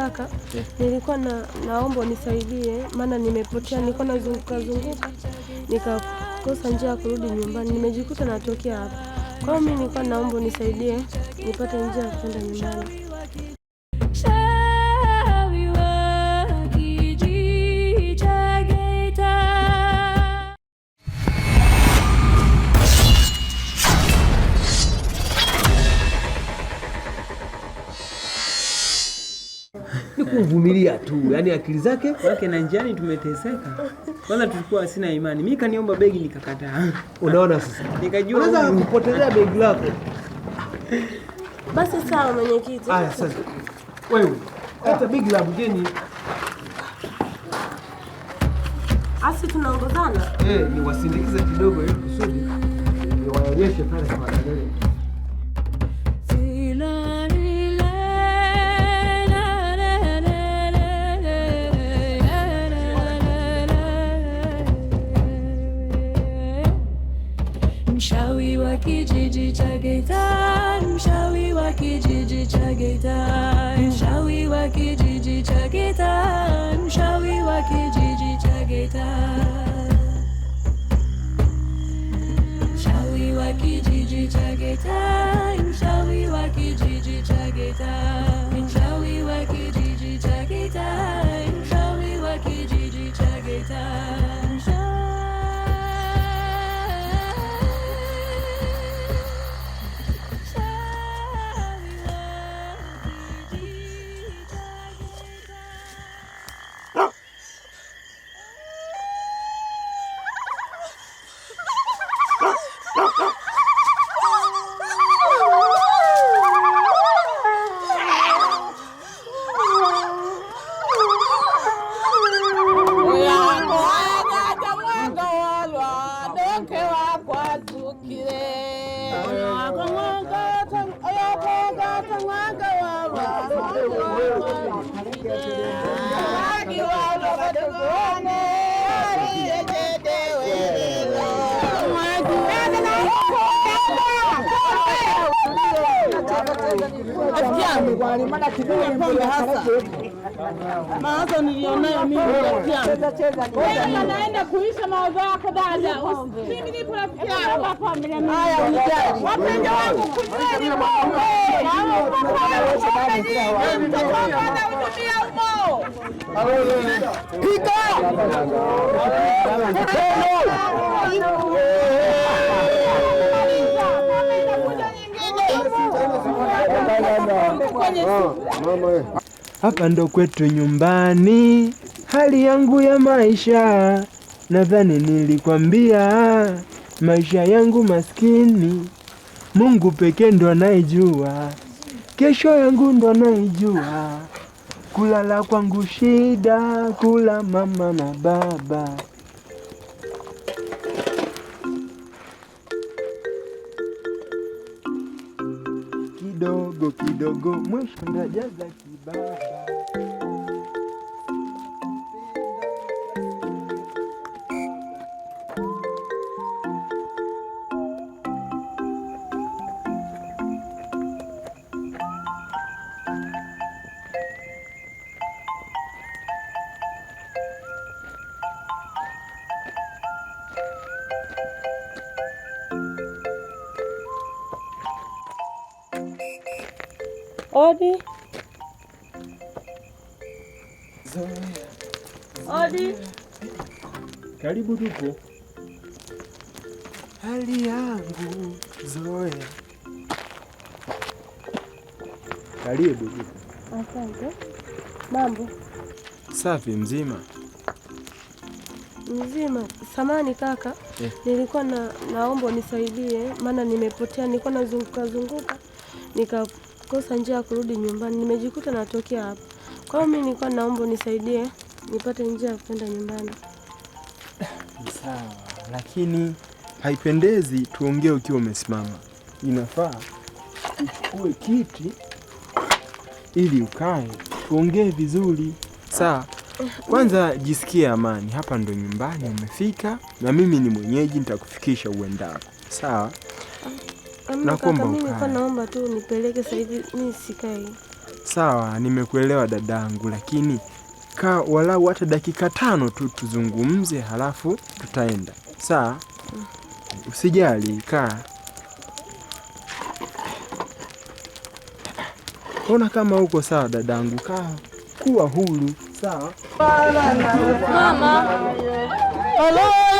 kaka, nilikuwa na naomba unisaidie, maana nimepotea, nilikuwa nazunguka zunguka nikakosa njia ya kurudi nyumbani, nimejikuta natokea hapa. Kwa hiyo mimi nilikuwa naomba unisaidie nipate njia ya kwenda nyumbani. kuvumilia tu, yani akili zake wake na njiani tumeteseka. Kwanza tulikuwa sina imani, mimi kaniomba begi nikakataa. Unaona sasa, nikajua unaweza kupotelea begi lako. Basi sawa mwenyekiti. Haya sasa. Wewe hata begi la mgeni asi tunaongozana. Eh, niwasindikize kidogo ili kusudi niwaonyeshe pale kwa dalili. wa kijiji cha Geita, mshauri wa kijiji cha Geita, mshauri wa kijiji cha Geita, mshauri wa kijiji cha Geita, mshauri wa kijiji cha Geita, mshauri wa kijiji cha Geita, mshauri wa kijiji cha Geita, mshauri mawazo nilionayo mimi anaenda kuisha mawazo yako dada. Mimi nipo rafiki yako hapa, wapenzi wangu, kunyweni pombe Ah, Hapa ndo kwetu nyumbani, hali yangu ya maisha, nadhani nilikwambia maisha yangu maskini, Mungu pekee ndo anayejua, kesho yangu ndo anayejua, kulala kwangu shida, kula mama na baba kidogo kidogo, mwisho ndajaza kibaba. Odi. Odi. Karibu tupo. Hali yangu zoea. Karibu tupo. Asante. Mambo. Safi mzima. Mzima. Samani kaka, eh. Nilikuwa na naomba unisaidie, maana nimepotea, nilikuwa nazunguka zunguka nika kukosa njia ya kurudi nyumbani. Nimejikuta natokea hapa. Kwa hiyo mimi nilikuwa naomba unisaidie nipate njia ya kwenda nyumbani. Sawa, lakini haipendezi tuongee ukiwa umesimama. Inafaa uchukue kiti ili ukae tuongee vizuri. Sawa, kwanza jisikie amani, hapa ndo nyumbani umefika, na mimi ni mwenyeji, nitakufikisha uendako. Sawa. Nakuomba ukae. Naomba tu nipeleke sasa hivi, mimi sikai. Sawa, nimekuelewa dadangu, lakini kaa walau hata dakika tano tu tuzungumze, halafu tutaenda. Sawa, usijali, kaa. Ona kama uko sawa dadangu, kaa, kuwa huru. Sawa. Mama. Hello.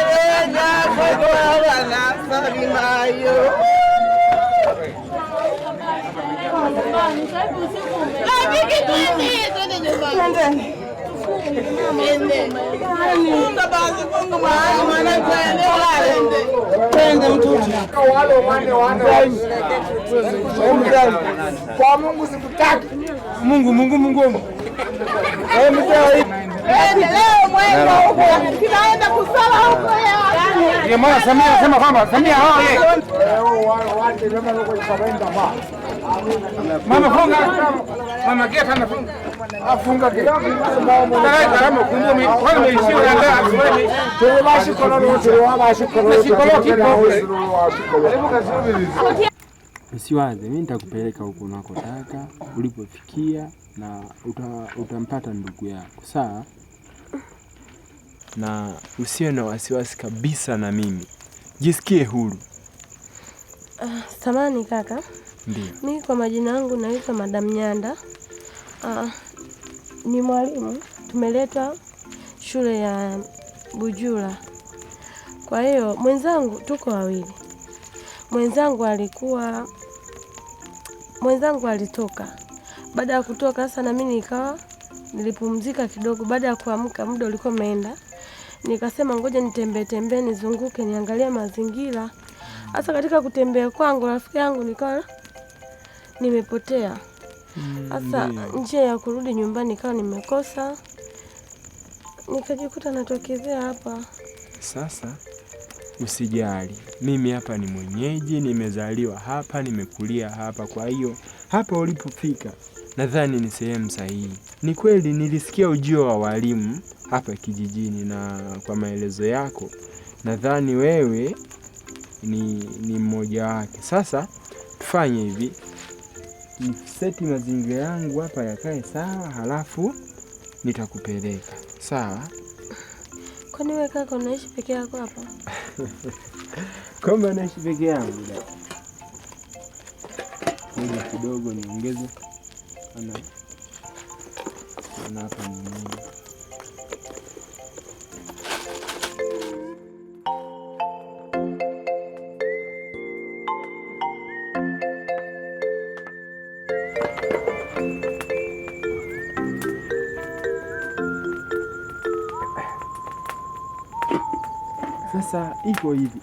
kwabanasabimayo kwamungusikutaki Mungu Mungu Mungu. Leo mwendo huko tunaenda kusala huko ya. Ndio maana Samia anasema kwamba Samia hao yeye. Mama funga. Mama geta anafunga. Afunga geta. Kama kumbe mimi kwa nini sio ndio? Tulibashi kwa nini tuliwabashi kwa nini? Hebu kasubiri. Usiwaze, mimi nitakupeleka huko unakotaka, ulipofikia na uta, utampata ndugu yako sawa, na usiwe na wasiwasi kabisa na mimi, jisikie huru. Uh, ah, samani kaka. Ndiyo. Mimi kwa majina yangu naitwa Madam Nyanda. Uh, ni mwalimu tumeletwa shule ya Bujula. Kwa hiyo mwenzangu, tuko wawili, mwenzangu alikuwa mwenzangu alitoka. Baada ya kutoka sasa, na mimi nikawa nilipumzika kidogo. Baada ya kuamka, muda ulikuwa umeenda, nikasema ngoja nitembee tembee, nizunguke, niangalie mazingira. Hasa katika kutembea kwangu, rafiki yangu, nikawa nimepotea. Hasa njia ya kurudi nyumbani ikawa nimekosa, nikajikuta natokezea hapa sasa usijali, mimi hapa ni mwenyeji, nimezaliwa hapa, nimekulia hapa. Kwa hiyo hapa ulipofika nadhani ni sehemu sahihi. Ni kweli nilisikia ujio wa walimu hapa kijijini, na kwa maelezo yako nadhani wewe ni, ni mmoja wake. Sasa tufanye hivi, niseti mazingira yangu hapa yakae sawa, halafu nitakupeleka sawa. Kwani wewe kaka unaishi peke yako hapa? Kwamba naishi peke yangu da. kidogo niongeze ana ana hapa nini Sasa iko hivi,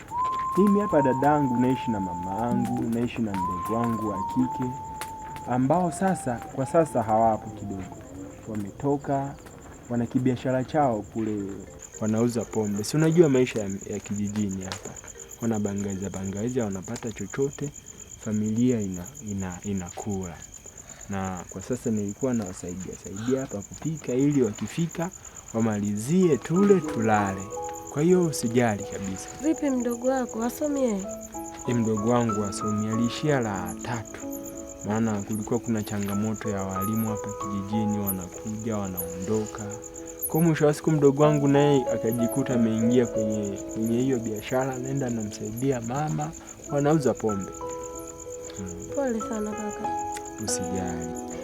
mimi hapa dadangu naishi na mama angu, naishi na mdogo wangu wa kike ambao sasa kwa sasa hawapo kidogo, wametoka wana kibiashara chao kule, wanauza pombe. Si unajua maisha ya, ya kijijini hapa, wanabangaiza bangaiza, wanapata chochote, familia ina, ina, inakula. Na kwa sasa nilikuwa nawasaidia saidia hapa kupika, ili wakifika wamalizie tule tulale. Kwa hiyo sijali kabisa. Vipi mdogo wako asomie? Mdogo wangu asomi, aliishia la tatu, maana kulikuwa kuna changamoto ya walimu hapa kijijini, wanakuja wanaondoka. Kwa mwisho wa siku mdogo wangu naye akajikuta ameingia kwenye kwenye hiyo biashara, naenda namsaidia mama, wanauza pombe. Hmm. Pole sana kaka, usijali.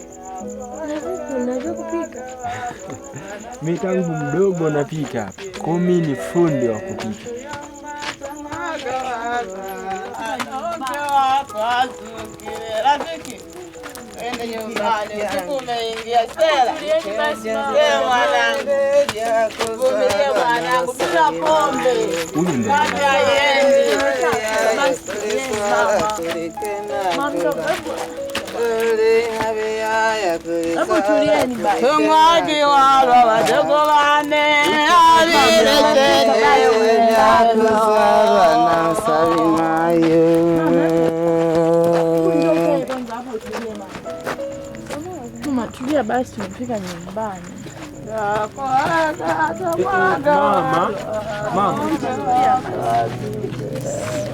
mi tangu mdogo napika, kwa hiyo mi ni fundi wa kupika. Tung'oji wadogo wane Tulia basi, tumefika nyumbani.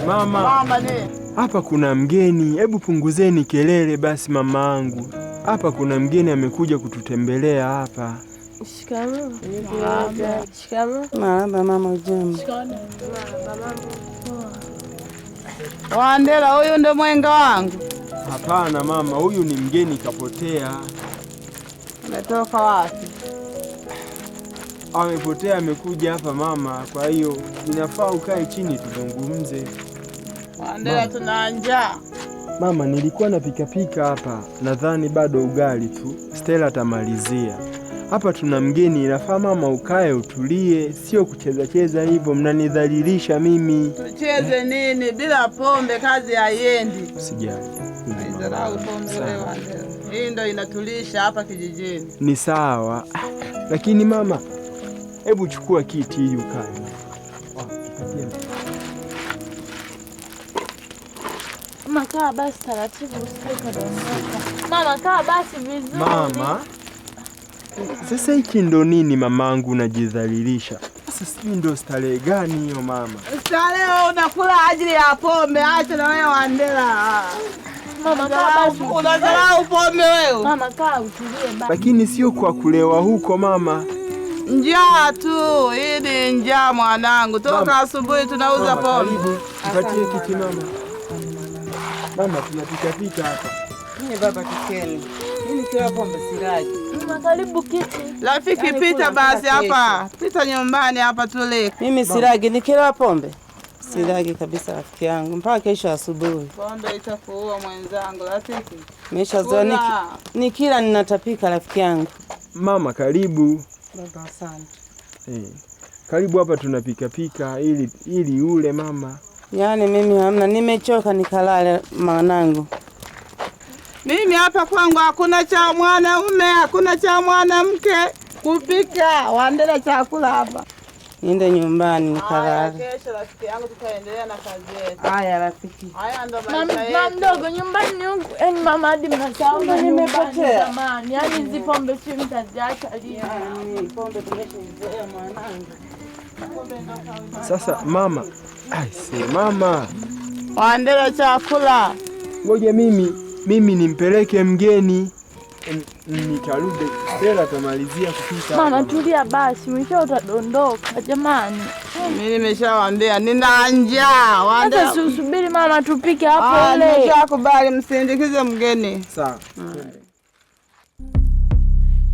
Mama, hapa kuna mgeni, hebu punguzeni kelele basi mama angu hapa kuna mgeni amekuja kututembelea hapa. mama, Wandela, huyu ndo mwenga wangu? Hapana mama, huyu ni mgeni kapotea. Ametoka wapi? Amepotea, amekuja hapa mama, kwa hiyo inafaa ukae chini tuzungumze. Wandela, tuna njaa. Mama, nilikuwa na pikapika hapa, nadhani bado ugali tu. Stella atamalizia hapa, tuna mgeni. Inafaa mama ukae utulie, sio kuchezacheza hivyo, mnanidhalilisha mimi. Tucheze eh, nini? Bila pombe kazi haiendi. Usijali, hii ndo inatulisha hapa kijijini. Ni sawa, lakini mama, hebu chukua kiti ili ukae. Oh, Mama kaa basi taratibu, mama kaa basi vizuri. Mama sasa hiki ndo nini mamangu, unajidhalilisha sasa. Sijui ndo starehe gani hiyo mama. Starehe unakula ajili ya pombe? Acha na wewe Wandela. Mama kaa, unadharau pombe wewe. Mama kaa utulie basi. Lakini sio kwa kulewa huko mama. Njaa tu, hii ni njaa mwanangu, toka asubuhi tunauza pombe. Karibu, nipatie kiti mama. Mama, tunapika pika hapa. Mimi baba tukeni. Mimi kila hapo msiraji. Mama karibu kiti. Rafiki yaani pita basi hapa. Pita nyumbani hapa tule. Mimi silagi nikila pombe. Siragi kabisa rafiki yangu mpaka kesho asubuhi. Pombe itakuua mwenzangu rafiki. Nimeshazoea niki, nikila ninatapika rafiki yangu. Mama karibu. Baba asante. Eh. Karibu hapa tunapika pika ili ili ule mama. Yaani mimi hamna, nimechoka nikalale mwanangu. Mimi hapa kwangu hakuna cha mwanaume, hakuna cha mwanamke kupika, waendele chakula hapa. Niende nyumbani nikalale. Haya rafiki. Haya ndo Mama mdogo nyumbani ni huku. Yaani mama hadi mnasahau nimepotea. Jamani, yaani hizi pombe si mtaziacha lini? Yaani pombe tumeshazoea mwanangu. Sasa mama Aise mama, waandele chakula. Ngoje mimi mimi nimpeleke mgeni nitarudi tena tamalizia kupika. Mama tulia basi, mwisho utadondoka jamani. Mimi nimeshawaambia nina njaa. Sasa usubiri mama tupike hapo ile. Ah, nimeshakubali msindikize mgeni. Sawa.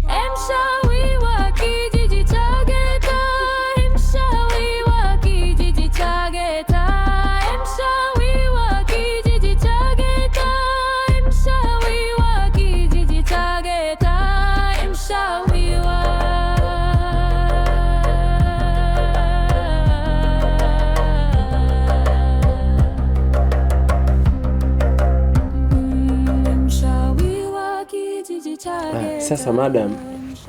Mshawi wa Sasa madam,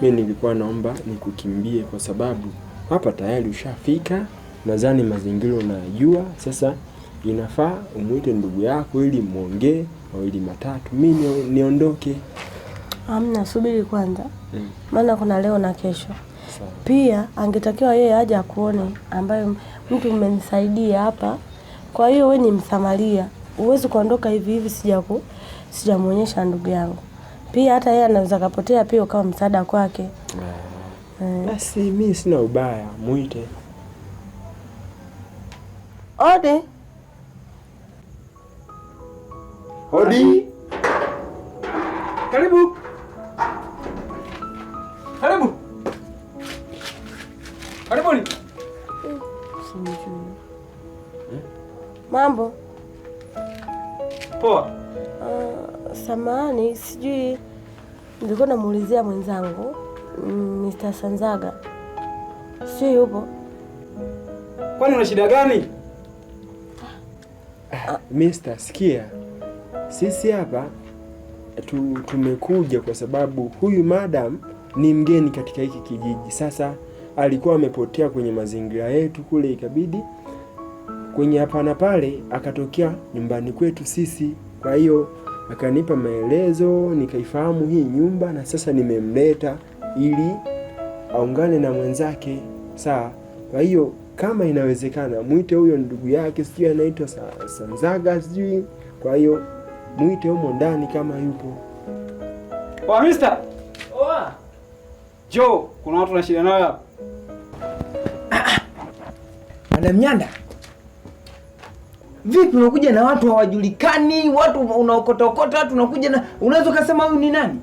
mi nilikuwa naomba nikukimbie kwa sababu hapa tayari ushafika, nadhani mazingira unayajua. Sasa inafaa umwite ndugu yako ili mwongee mawili matatu, mi niondoke. Amna, subiri kwanza, hmm. maana kuna leo na kesho Sawa. Pia angetakiwa yeye aje akuone, ambayo mtu mmenisaidia hapa. Kwa hiyo we ni msamaria, huwezi kuondoka hivi hivi sijaku sijamwonyesha ndugu yangu pia hata yeye anaweza kapotea pia ukawa msaada kwake. Eh. Eh. Basi mimi sina ubaya, muite ode odi nilikuwa namuulizia mwenzangu Mr. Mm, Sanzaga, sio yupo? Kwani una shida gani? Ah, ah Mr. sikia, sisi hapa tu, tumekuja kwa sababu huyu madam ni mgeni katika hiki kijiji. Sasa alikuwa amepotea kwenye mazingira yetu kule, ikabidi kwenye hapana pale akatokea nyumbani kwetu sisi, kwa hiyo akanipa maelezo, nikaifahamu hii nyumba, na sasa nimemleta ili aungane na mwenzake. Sawa, kwa hiyo kama inawezekana mwite huyo ndugu yake, sijui anaitwa Sanzaga sijui. Kwa hiyo mwite humo ndani kama yupo. Oa mister, oa jo, kuna watu na shida nayo hapa. Madam Nyanda Vipi unakuja na watu hawajulikani, watu unaokota okota, watu unakuja na unaweza ukasema huyu ni nani?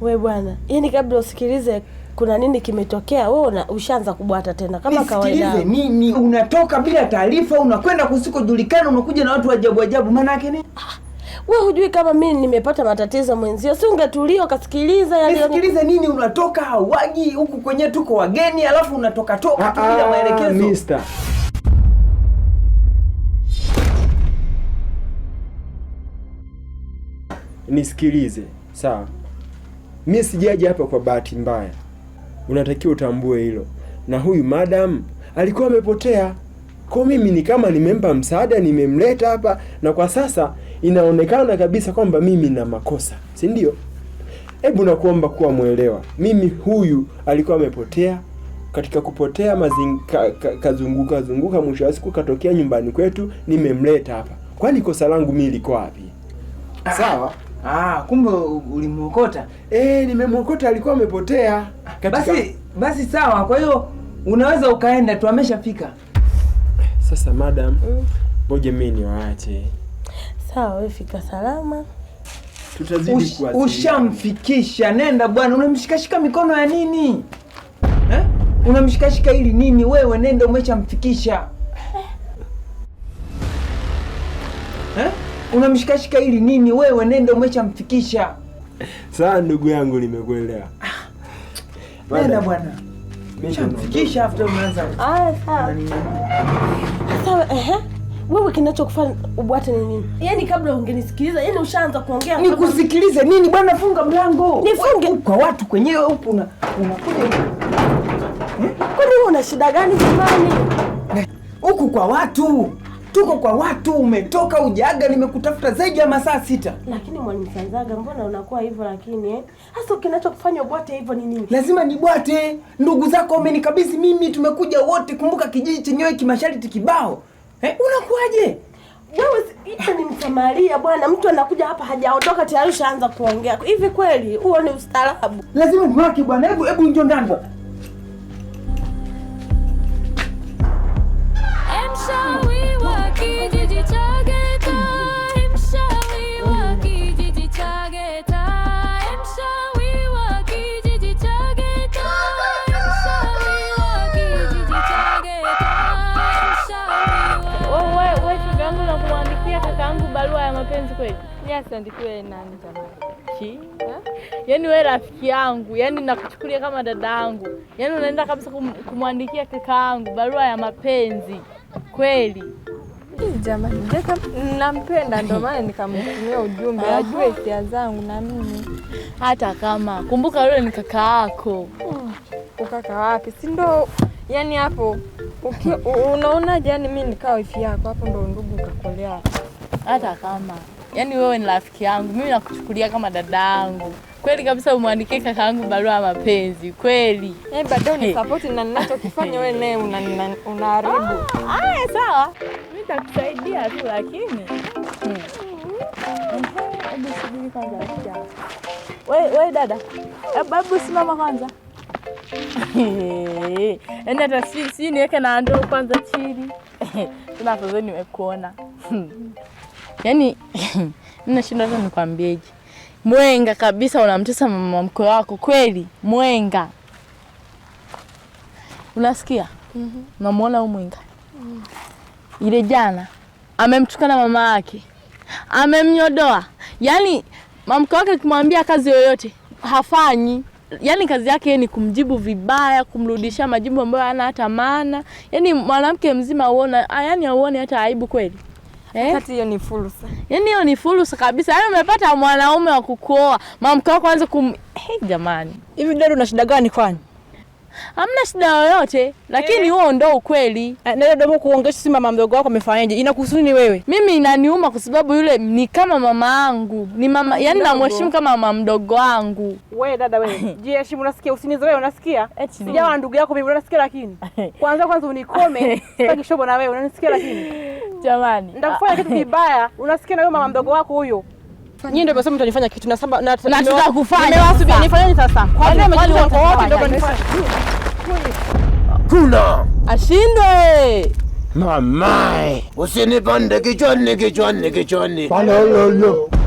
We bwana, yani kabla usikilize kuna nini kimetokea, wewe ushaanza kubwata tena kama kawaida. Nini unatoka bila taarifa, unakwenda kusikojulikana, unakuja na watu ajabu ajabu, maana yake nini? Ah, We hujui kama mimi nimepata matatizo mwenzio, si ungetulia ukasikiliza yale. Nisikilize nini? Unatoka hawagi huku kwenye tuko wageni, alafu unatoka toka tu bila ah, maelekezo. Mister, nisikilize sawa, mimi sijaje hapa kwa bahati mbaya unatakiwa utambue hilo. Na huyu madam alikuwa amepotea kwa mimi ni kama nimempa msaada, nimemleta hapa, na kwa sasa inaonekana kabisa kwamba mimi na makosa, si ndio? Hebu nakuomba kuwa mwelewa, mimi huyu alikuwa amepotea. Katika kupotea mazinga, kazunguka zunguka, mwisho wa siku katokea nyumbani kwetu, nimemleta hapa. Kwani kosa langu mimi liko wapi? Ah. Sawa. Ah, kumbe ulimwokota? Eh, nimemwokota, alikuwa amepotea. Basi basi sawa, kwa hiyo unaweza ukaenda tu, ameshafika sasa. Madam, mm, mimi niwaache. Sawa, wewe fika salama. Tutazidi kuwa. Ushamfikisha, nenda bwana. Unamshikashika mikono ya nini eh? Unamshikashika ili nini wewe? Nenda, umeshamfikisha. unamshikashika hili nini wewe? Nenda umeshamfikisha. Sawa ndugu yangu, nimekuelewa. Ah. Nenda bwana, umeshamfikisha. After unaanza ah, sawa sawa, ehe. Wewe kinachokufanya ubwate ni nini? Yaani kabla ungenisikiliza, yaani ushaanza kuongea. Nikusikilize nini bwana, funga mlango. Nifunge kwa watu kwenyewe huko na unakuja. Kwani wewe una shida gani jamani? Huku kwa watu tuko kwa watu, umetoka ujaga, nimekutafuta zaidi ya masaa sita. Lakini mwalimu Sanzaga, mbona unakuwa hivyo? Lakini eh? hasa kinachokufanya ubwate hivyo ni nini? Lazima nibwate. Ndugu zako wamenikabidhi mimi, tumekuja wote. Kumbuka kijiji chenyewe kimashariti kibao. Eh, unakuwaje? Wewe ni msamaria bwana, mtu anakuja hapa hajaondoka tayari ushaanza kuongea hivi. Kweli huo ni ustaarabu? Lazima niwake bwana. Hebu hebu njoo ndani bwana. asiandikiwe nani jamani? Eh? Yaani wewe rafiki yangu, yaani nakuchukulia kama dada yangu, yaani unaenda kabisa kum, kumwandikia kaka yangu barua ya mapenzi kweli? Jamani, nampenda ndio maana nikamtumia ujumbe ajue hisia zangu na mimi. Hata kama kumbuka, yule ni kaka yako. Hmm, ukaka wapi? Si ndo yani hapo unaona, jani mimi nikawa wifi yako hapo, ndo ndugu ukakolea. Hata kama yani wewe ni rafiki yangu, mimi nakuchukulia kama dada kweli kabisa. Umwandikie kaka yangu barua ya mapenzi kweli. Eh, ni support na ninachokifanya wewe naye unaharibu. Aya, sawa, mimi nitakusaidia tu, lakini hebu kwanza. Wewe dada, eh, babu simama kwanza. Yaani hata si niweke na ndoo kwanza chini. Tena afadhali nimekuona. yani ninashindwa hata nikwambieje. Mwenga kabisa, unamtesa mama mkwe wako kweli, mwenga. Unasikia? Mhm. Mm, unamwona huyu mwenga? Mm. Ile jana amemtukana mama yake, amemnyodoa. yani mamke wake akimwambia kazi yoyote hafanyi. Yaani kazi yake ni kumjibu vibaya, kumrudishia majibu ambayo hana hata maana. Yaani mwanamke mzima uona, ah, yaani auone hata aibu kweli. Eh? Wakati hiyo ni fursa. Yaani hiyo ni fursa kabisa. Yaani umepata mwanaume wa kukuoa. Mamko wako anza kum hey, eh, jamani. Hivi ndio una shida gani kwani? hamna shida yoyote, lakini eh. huo ndo ukweli. Eh, na ile domo kuongesha, si mama mdogo wako amefanyaje? Inakuhusu ni wewe? Mimi inaniuma kwa sababu yule ni kama mama yangu, ni mama yani, namheshimu kama mama mdogo wangu. Wewe dada wewe, jiheshimu, unasikia? Usinizoe, wewe unasikia? Sijawa ndugu yako mimi, unasikia? Lakini kwanza kwanza unikome, sitaki shobo na wewe, unanisikia? Lakini jamani, nitakufanya kitu kibaya, unasikia? Na wewe mama mdogo wako huyo nyinyi ndio mnasema mtanifanya kitu na saba na tutakufanya. Nimewasubiri nifanyeni sasa. Kwa nini mmekuja kwa wote ndio mnifanya? Kuna ashindwe. Mamae, usinipande kichwani kichwani kichwani. Pale huyo huyo.